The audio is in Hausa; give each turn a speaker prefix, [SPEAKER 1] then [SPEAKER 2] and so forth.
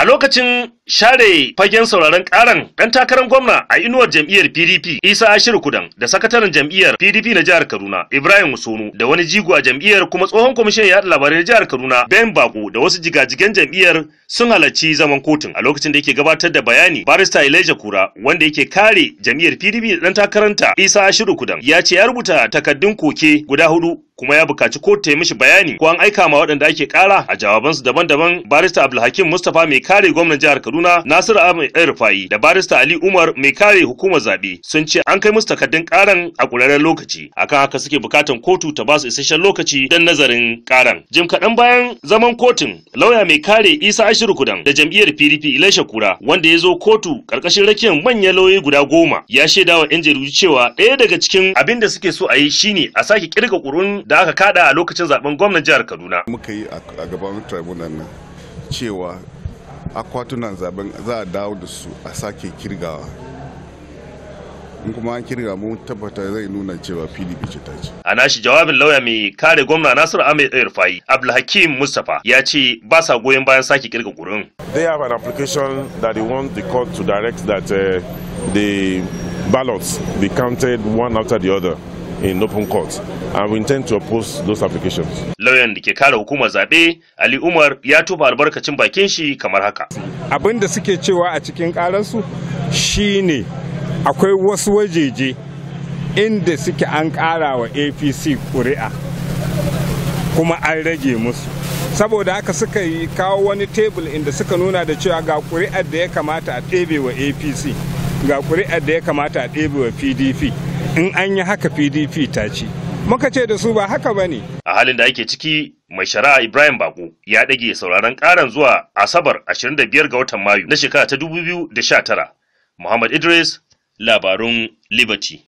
[SPEAKER 1] A lokacin share fagen sauraron karan ɗan takarar gwamna a inuwar jam'iyyar PDP Isa Ashiru Kudan da sakataren jam'iyyar PDP na jihar Kaduna Ibrahim Usonu da wani jigo a jam'iyyar kuma tsohon kwamishin yaɗa labarai na jihar Kaduna Ben Bako da wasu jigajigen jam'iyyar sun halarci zaman kotun a lokacin da yake gabatar da bayani barista Elijah Kura wanda yake kare jam'iyyar PDP da ɗan takaranta Isa Ashiru Kudan ya ce ya rubuta takaddun koke guda hudu kuma ya buƙaci ko ta mishi bayani ko an aika ma waɗanda ake ƙara a jawabansu daban-daban barista Abdulhakim Mustapha mai kare gwamnan jihar Kaduna Nasir Ahmed Rufai da barista Ali Umar mai kare hukumar zaɓe sun ce an kai musu takardun ƙaran a ƙurarren lokaci akan haka suke buƙatan kotu ta ba su isasshen lokaci don nazarin ƙaran. Jim kaɗan bayan zaman kotun lauya mai kare Isa Ashiru Kudan da jam'iyyar PDP Ilaisha Kura wanda ya zo kotu ƙarƙashin rakiyar manyan lauyoyi guda goma ya shaida wa 'yan jaridu cewa ɗaya daga cikin abin da suke so a yi shine a sake kirga ƙurun da aka kada a
[SPEAKER 2] lokacin zaben gwamnan jihar Kaduna. Muka yi a gaban tribunal nan cewa akwatunan zaben za a dawo da su a sake kirgawa. in kuma an kirga mu tabbata zai nuna cewa PDP ce ta ce.
[SPEAKER 1] A nashi jawabin lauya mai kare gwamna Nasiru Ahmed Rufai, Abdulhakim Mustapha ya ce ba sa goyon bayan sake kirga gurin.
[SPEAKER 3] They have an application that they want the court to direct that uh, the ballots be counted one after the other. in open court and we intend to oppose those applications.
[SPEAKER 1] Lauyan da ke kare hukumar zaɓe Ali Umar ya tuba albarkacin bakin shi kamar
[SPEAKER 4] haka. Abin da suke cewa a cikin ƙararsu shine akwai wasu wajeje inda suke an ƙara wa APC ƙuri'a kuma an rage musu. saboda haka suka yi kawo wani tebul inda suka nuna da cewa ga ƙuri'ar da ya kamata a ɗebe wa apc ga ƙuri'ar da ya kamata a ɗebe wa pdp in an yi haka pdp ta ci muka ce da su ba haka ba ne
[SPEAKER 1] a halin da ake ciki mai shari'a ibrahim bako ya ɗage sauraron ƙaran zuwa asabar 25 ga watan mayu na shekara ta 2019 muhammad idris labarun liberty